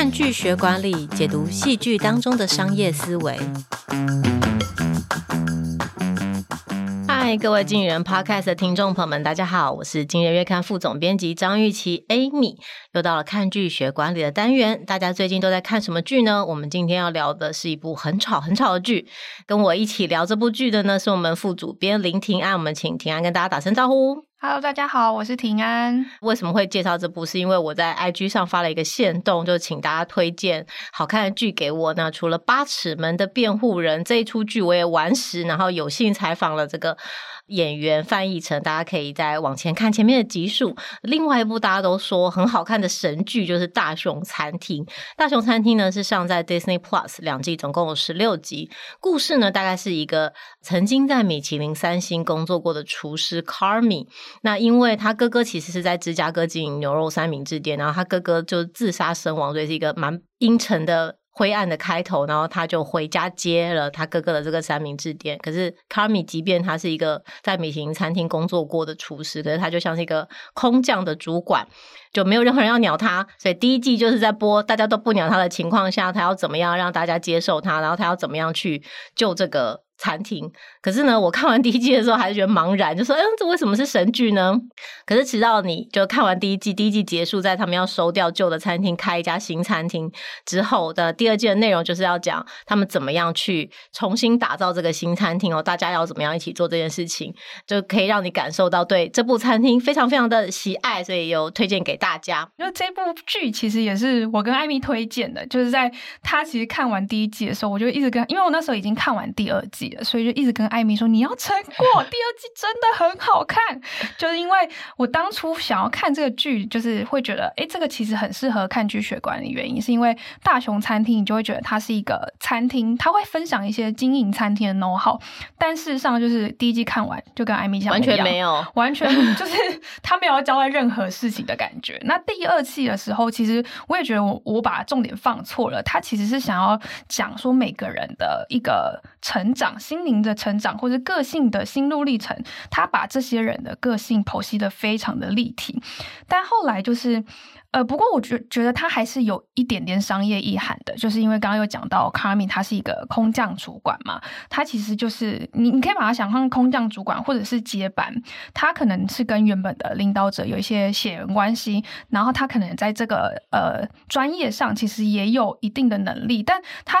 看劇學管理，解讀戲劇當中的商業思維。嗨，各位經理人 podcast 的聽眾朋友們，大家好，我是經理人月刊副總編輯張玉琦 Amy。又到了看劇學管理的單元，大家最近都在看什麼劇呢？我們今天要聊的是一部很吵很吵的劇，跟我一起聊這部劇的呢，是我們副主編林庭安。我們請庭安跟大家打聲招呼。Hello，大家好，我是庭安。為什麼會介紹這部？是因為我在 IG 上發了一個限動，就請大家推薦好看的劇給我呢。那除了《八尺門的辯護人》這一出劇，我也完食，然後有幸採訪了這個。演員翻譯成，大家可以再往前看前面的集數。另外一部大家都說很好看的神劇就是大熊餐《大熊餐廳》。《大熊餐廳》呢是上在 Disney Plus 兩季，總共有十六集。故事呢大概是一個曾經在米其林三星工作過的廚師 Carmey，那因為他哥哥其實是在芝加哥經營牛肉三明治店，然後他哥哥就自殺身亡，所以是一個蠻陰沉的。灰暗的開頭，然後他就回家接了他哥哥的這個三明治店。可是卡米，即便他是一個在米其林餐廳工作過的廚師，可是他就像是一個空降的主管，就沒有任何人要鳥他。所以第一季就是在播，大家都不鳥他的情況下，他要怎麼樣讓大家接受他？然後他要怎麼樣去救這個？餐廳，可是呢，我看完第一季的時候還是覺得茫然，就說：“哎、欸，這為什麼是神劇呢？”可是，直到你就看完第一季，第一季結束，在他們要收掉舊的餐廳，開一家新餐廳之後的第二季的內容，就是要講他們怎麼樣去重新打造這個新餐廳哦，大家要怎麼樣一起做這件事情，就可以讓你感受到對這部餐廳非常非常的喜愛，所以有推薦給大家。因為這部劇其實也是我跟艾米推薦的，就是在他其實看完第一季的時候，我就一直跟，因為我那時候已經看完第二季。所以就一直跟艾米說：“你要撐過第二季，真的很好看。” 就是因為我當初想要看這個劇，就是會覺得：“哎、欸，這個其實很適合看劇學管理。”原因是因為大熊餐廳，你就會覺得它是一個餐廳，他會分享一些經營餐廳的 know how。但事實上就是第一季看完，就跟艾米講完全沒有，完全就是他沒有要交代任何事情的感覺。 那第二季的時候，其實我也覺得我我把重點放錯了。他其實是想要講說每個人的一個成長。心靈的成長，或者個性的心路歷程，他把這些人的個性剖析得非常的立體。但後來就是，呃，不過我覺覺得他還是有一點點商業意涵的，就是因為剛剛有講到卡米，他是一個空降主管嘛，他其實就是你你可以把他想象空降主管或者是接班，他可能是跟原本的領導者有一些血緣關係，然後他可能在這個呃專業上其實也有一定的能力，但他。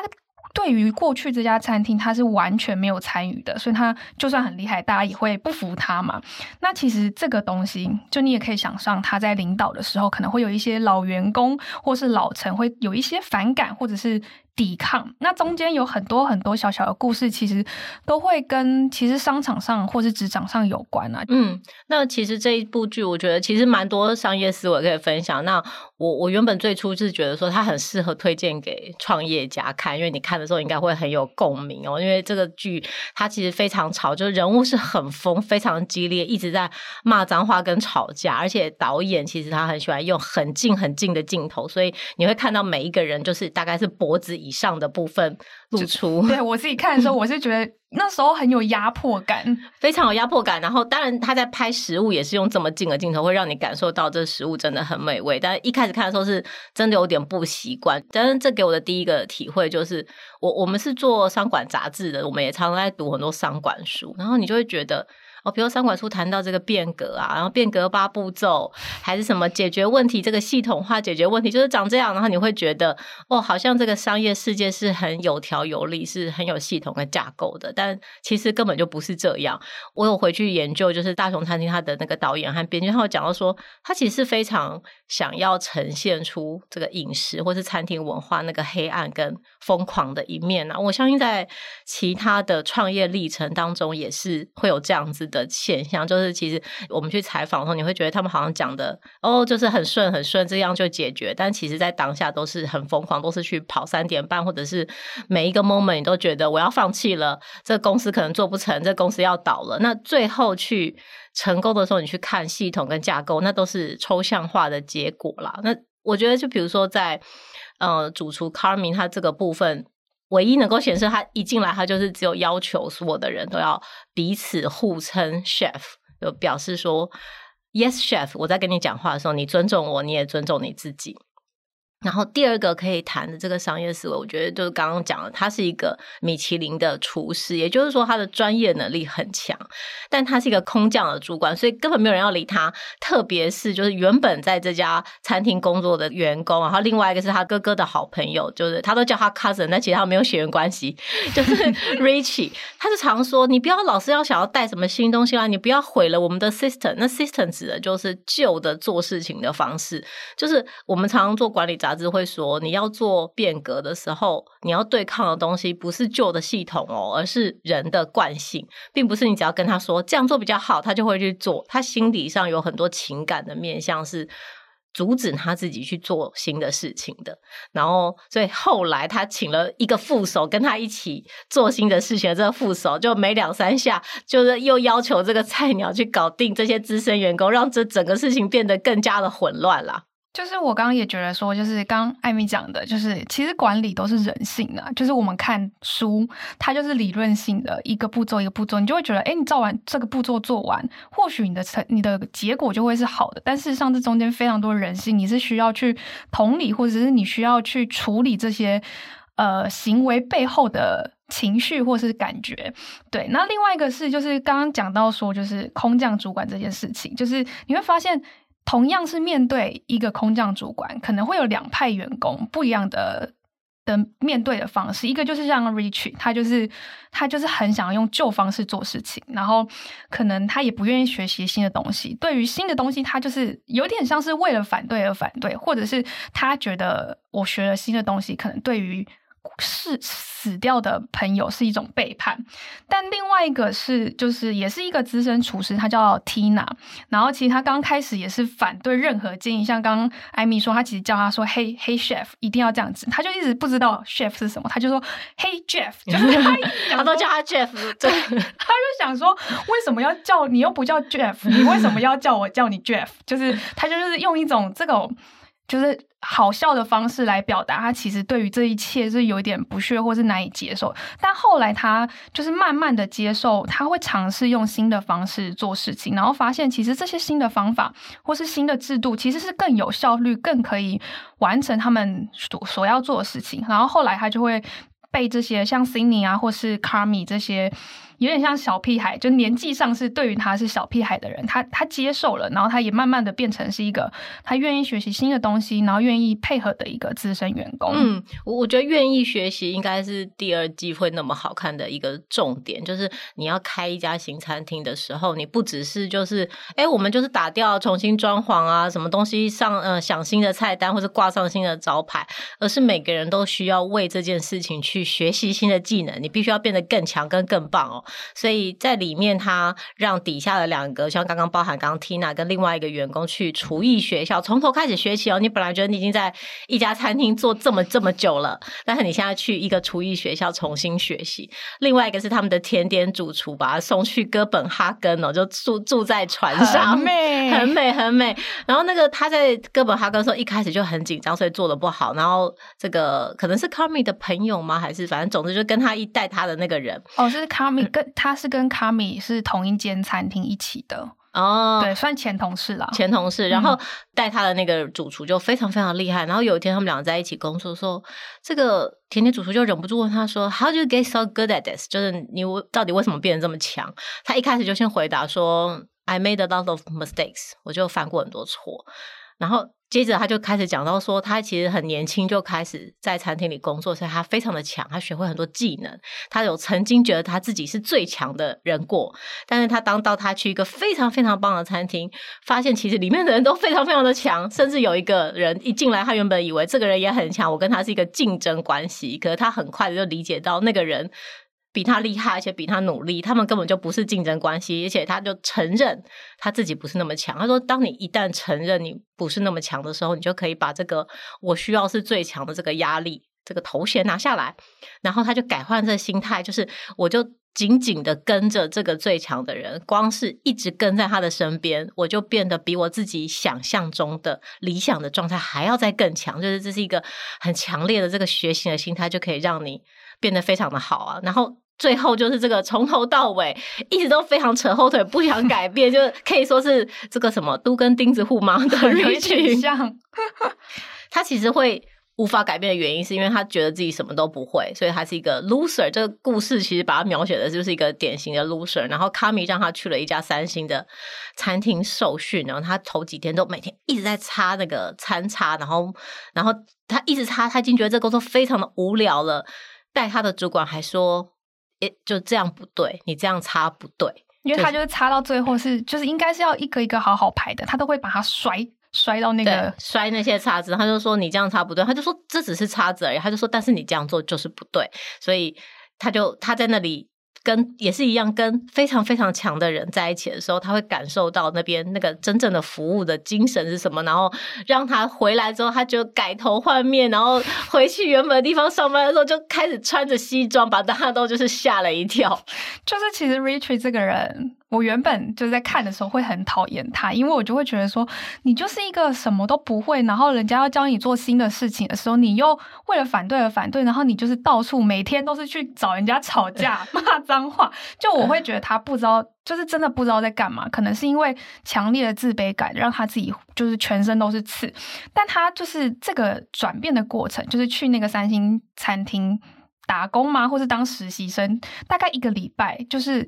對於過去這家餐廳，他是完全沒有參與的，所以他就算很厲害，大家也會不服他嘛。那其實這個東西，就你也可以想像，他在領導的時候，可能會有一些老員工或是老臣會有一些反感，或者是。抵抗。那中間有很多很多小小的故事，其實都會跟其實商場上或是職場上有關啊。嗯，那其實這一部劇，我覺得其實蠻多商業思維可以分享。那我我原本最初是覺得說，它很適合推薦給創業家看，因為你看的時候應該會很有共鳴哦。因為這個劇它其實非常吵，就是人物是很瘋，非常激烈，一直在罵髒話跟吵架。而且導演其實他很喜歡用很近很近的鏡頭，所以你會看到每一個人就是大概是脖子以。以上的部分露出。對我自己看的時候，我是覺得那時候很有壓迫感， 非常有壓迫感。然後，當然他在拍食物也是用這麼近的鏡頭，會讓你感受到這食物真的很美味。但是一開始看的時候是真的有點不習慣。但是這給我的第一個體會就是，我我們是做商管雜誌的，我們也常常在讀很多商管書，然後你就會覺得。哦，比如說商管書談到這個變革啊，然後變革八步驟，還是什麼解決問題？這個系統化解決問題就是長這樣，然後你會覺得，哦，好像這個商業世界是很有條有理，是很有系統的架構的。但其實根本就不是這樣。我有回去研究，就是大熊餐廳他的那個導演和編劇，他有講到說，他其實非常想要呈現出這個飲食或是餐廳文化那個黑暗跟瘋狂的一面啊。我相信在其他的創業歷程當中，也是會有這樣子的現象就是，其實我們去採訪的時候，你會覺得他們好像講的哦，就是很順很順，這樣就解決。但其實，在當下都是很瘋狂，都是去跑三點半，或者是每一個 moment，你都覺得我要放棄了，這個公司可能做不成，這個公司要倒了。那最後去成功的時候，你去看系統跟架構，那都是抽象化的結果啦。那我覺得，就比如說在呃，主廚 Carmey 他這個部分。唯一能夠顯示他一進來，他就是只有要求所有的人都要彼此互稱 Chef，就表示說，Yes Chef，我在跟你講話的時候，你尊重我，你也尊重你自己。然後第二個可以談的這個商業思維，我覺得就是剛剛講的，他是一個米其林的廚師，也就是說他的專業能力很強，但他是一個空降的主管，所以根本沒有人要理他。特別是就是原本在這家餐廳工作的員工，然後另外一個是他哥哥的好朋友，就是他都叫他 cousin，但其實他沒有血緣關係。就是 Richie，他就常說你不要老是要想要帶什麼新東西啦，你不要毀了我們的 system。那 system 指的就是舊的做事情的方式，就是我們常常做管理雜誌。兒子會說：“你要做變革的時候，你要對抗的東西不是舊的系統哦，而是人的慣性，並不是你只要跟他說這樣做比較好，他就會去做。他心理上有很多情感的面向是阻止他自己去做新的事情的。然後，所以後來他請了一個副手跟他一起做新的事情。這個副手就沒兩三下，就是又要求這個菜鳥去搞定這些資深員工，讓這整個事情變得更加的混亂啦。”就是我剛剛也覺得說，就是剛艾米講的，就是其實管理都是人性的啊。就是我們看書，它就是理論性的，一個步驟一個步驟，你就會覺得，哎、欸，你照完這個步驟做完，或許你的成你的結果就會是好的。但事實上，這中間非常多人性，你是需要去同理，或者是你需要去處理這些呃行為背後的情緒或是感覺。對，那另外一個是，就是剛剛講到說，就是空降主管這件事情，就是你會發現。同樣是面對一個空降主管，可能會有兩派員工不一樣的的面對的方式。一個就是像 Richie，他就是他就是很想用舊方式做事情，然後可能他也不願意學習新的東西。對於新的東西，他就是有點像是為了反對而反對，或者是他覺得我學了新的東西，可能對於。是，是死掉的朋友是一種背叛，但另外一個是就是也是一個資深廚師，他叫 Tina。然後其實他剛開始也是反對任何建議，像剛剛艾米說，他其實叫他說 “Hey Hey Chef”，一定要這樣子，他就一直不知道 Chef 是什麼，他就說 “Hey Jeff”，就是說 他都叫他 Jeff，對，他就想說為什麼要叫你又不叫 Jeff，你為什麼要叫我叫你 Jeff？就是他就是用一種這個就是好笑的方式來表達，他其實對於這一切是有點不屑，或是難以接受。但後來他就是慢慢的接受，他會嘗試用新的方式做事情，然後發現其實這些新的方法或是新的制度，其實是更有效率，更可以完成他們所要做的事情。然後後來他就會被這些像 Sydney 啊，或是 Carmy 這些。有點像小屁孩，就年紀上是對於他是小屁孩的人，他他接受了，然後他也慢慢的變成是一個他願意學習新的東西，然後願意配合的一個資深員工。嗯，我我覺得願意學習應該是第二季會那麼好看的一個重點，就是你要開一家新餐廳的時候，你不只是就是，誒、欸，我們就是打掉重新裝潢啊，什麼東西上，呃，想新的菜單或者掛上新的招牌，而是每個人都需要為這件事情去學習新的技能，你必須要變得更強跟更棒哦。所以在裡面，他讓底下的兩個，像剛剛包含剛剛 Tina 跟另外一個員工去廚藝學校，從頭開始學習哦。你本來覺得你已經在一家餐廳做這麼這麼久了，但是你現在去一個廚藝學校重新學習。另外一個是他們的甜點主廚，把他送去哥本哈根哦、喔，就住住在船上，很美，很美很美很美。然後那個他在哥本哈根的時候一開始就很緊張，所以做的不好。然後這個可能是卡米的朋友嗎？還是反正總之就跟他一帶他的那個人哦，就是卡米。他是跟卡米是同一間餐廳一起的哦，對，算前同事了。前同事，然後帶他的那個主廚就非常非常厲害。嗯、然後有一天他們兩個在一起工作說，說這個甜甜主廚就忍不住問他說，How do you get so good at this？就是你到底為什麼變得這麼強？他一開始就先回答說，I made a lot of mistakes，我就犯過很多錯。然後接着他就開始講到說，他其實很年輕就開始在餐廳裡工作，所以他非常的強，他學會很多技能。他有曾經覺得他自己是最強的人過，但是他當到他去一個非常非常棒的餐廳，發現其實裡面的人都非常非常的強，甚至有一個人一進來，他原本以為這個人也很強，我跟他是一個競爭關係，可是他很快就理解到那個人，比他厲害，而且比他努力，他們根本就不是競爭關係。而且，他就承認他自己不是那麼強。他說：“當你一旦承認你不是那麼強的時候，你就可以把這個我需要是最強的這個壓力、這個頭銜拿下來。”然後，他就改換這心態，就是我就。緊緊的跟着這個最強的人，光是一直跟在他的身邊，我就變得比我自己想象中的理想的狀態還要再更強。就是這是一個很強烈的這個學習的心態，就可以讓你變得非常的好啊。然後最後就是這個從頭到尾一直都非常扯後腿，不想改變， 就是可以說是這個什麼都跟釘子戶一樣的人群， 他其實會。無法改變的原因是因為他覺得自己什麼都不會，所以他是一個 loser。這個故事其實把他描寫的就是一個典型的 loser。然後卡米讓他去了一家三星的餐廳受訓，然後他頭幾天都每天一直在擦那個餐叉，然後然後他一直擦，他已經覺得這個工作非常的無聊了。但他的主管還說，欸，就這樣不對，你這樣擦不對，就是，因為他就是擦到最後是就是應該是要一個一個好好排的，他都會把它摔。摔到那個摔那些叉子，他就說你這樣叉不對，他就說這只是叉子而已，他就說但是你這樣做就是不對，所以他就他在那裡跟也是一樣跟非常非常強的人在一起的時候，他會感受到那邊那個真正的服務的精神是什麼，然後讓他回來之後他就改頭換面，然後回去原本的地方上班的時候就開始穿着西裝，把大家都就是嚇了一跳，就是其實 Richie 這個人。我原本就在看的時候會很討厭他，因為我就會覺得說，你就是一個什麼都不會，然後人家要教你做新的事情的時候，你又為了反對而反對，然後你就是到處每天都是去找人家吵架、嗯、罵髒話。就我會覺得他不知道，嗯、就是真的不知道在幹嘛。可能是因為強烈的自卑感讓他自己就是全身都是刺。但他就是這個轉變的過程，就是去那個三星餐廳打工嗎？或是當實習生？大概一個禮拜，就是。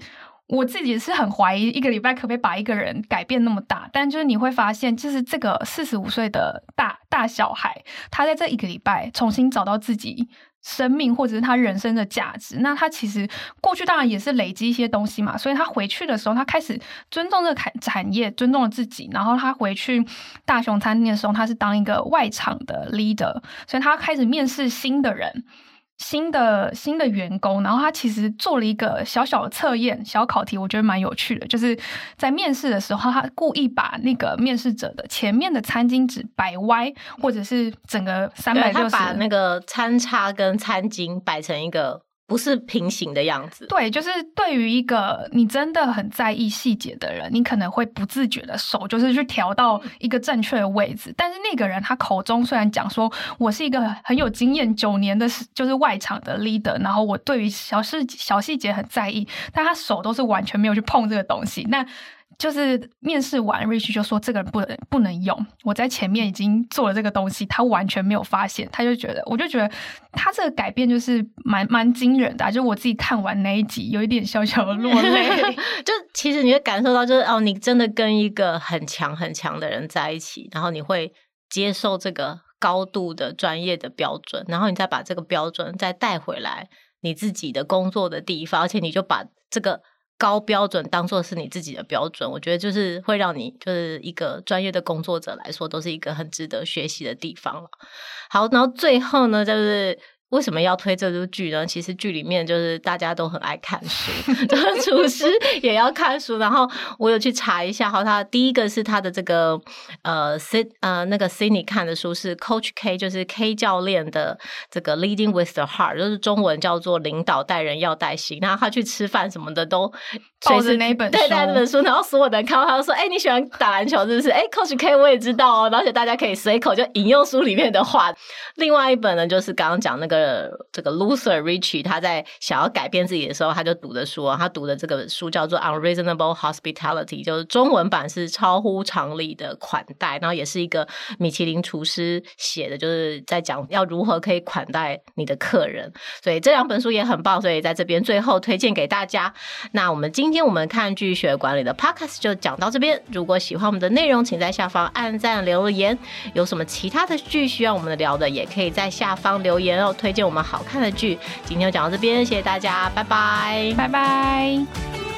我自己是很懷疑一個禮拜可不可以把一個人改變那麼大，但就是你會發現，就是這個四十五歲的大大小孩，他在這一個禮拜重新找到自己生命或者是他人生的價值。那他其實過去當然也是累積一些東西嘛，所以他回去的時候，他開始尊重這個產產業，尊重了自己。然後他回去大熊餐廳的時候，他是當一個外場的 leader，所以他開始面試新的人。新的新的員工，然後他其實做了一個小小的測驗、小考題，我覺得蠻有趣的。就是在面試的時候，他故意把那個面試者的前面的餐巾紙擺歪，或者是整個360度，他把那個餐叉跟餐巾擺成一個。不是平行的樣子，對，就是對於一個你真的很在意細節的人，你可能會不自覺的手就是去調到一個正確的位置。但是那個人他口中雖然講說，我是一個很有經驗九年的就是外場的 leader，然後我對於小事小細節很在意，但他手都是完全沒有去碰這個東西。那就是面試完，Rich 就說，這個人不能不能用。我在前面已經做了這個東西，他完全沒有發現。他就覺得，我就覺得他這個改變就是蠻蠻驚人的啊。就我自己看完那一集，有一點小小的落淚。 就其實你會感受到，就是哦，你真的跟一個很強很強的人在一起，然後你會接受這個高度的專業的標準，然後你再把這個標準再帶回來你自己的工作的地方，而且你就把這個。高標準當做是你自己的標準，我覺得就是會讓你就是一個專業的工作者來說，都是一個很值得學習的地方了。好，然後最後呢，就是。為什麼要推這部劇呢？其實劇裡面就是大家都很愛看書，就是廚師也要看書。然後我有去查一下，哈，他第一個是他的這個呃 C 呃那個 Sydney 看的書是 Coach K，就是 K 教練的這個 Leading with the Heart，就是中文叫做領導帶人要帶心。然後他去吃飯什麼的都就是那本書，對那本書。然後所有的人看到他說：“哎、欸，你喜歡打籃球是不是？”“哎、欸、，Coach K 我也知道哦。”而且大家可以隨口就引用書裡面的話。另外一本呢，就是剛剛講那個。呃，這個 Loser Richie 他在想要改變自己的時候，他就讀的書，他讀的這個書叫做《Unreasonable Hospitality》，就是中文版是超乎常理的款待，然後也是一個米其林廚師寫的，就是在講要如何可以款待你的客人。所以這兩本書也很棒，所以在這邊最後推薦給大家。那我們今天我們看劇學管理的 Podcast 就講到這邊。如果喜歡我們的內容，請在下方按讚留言。有什麼其他的劇需要我們聊的，也可以在下方留言哦、喔。推。推薦我們好看的劇，今天就講到這邊，謝謝大家，拜拜，拜拜。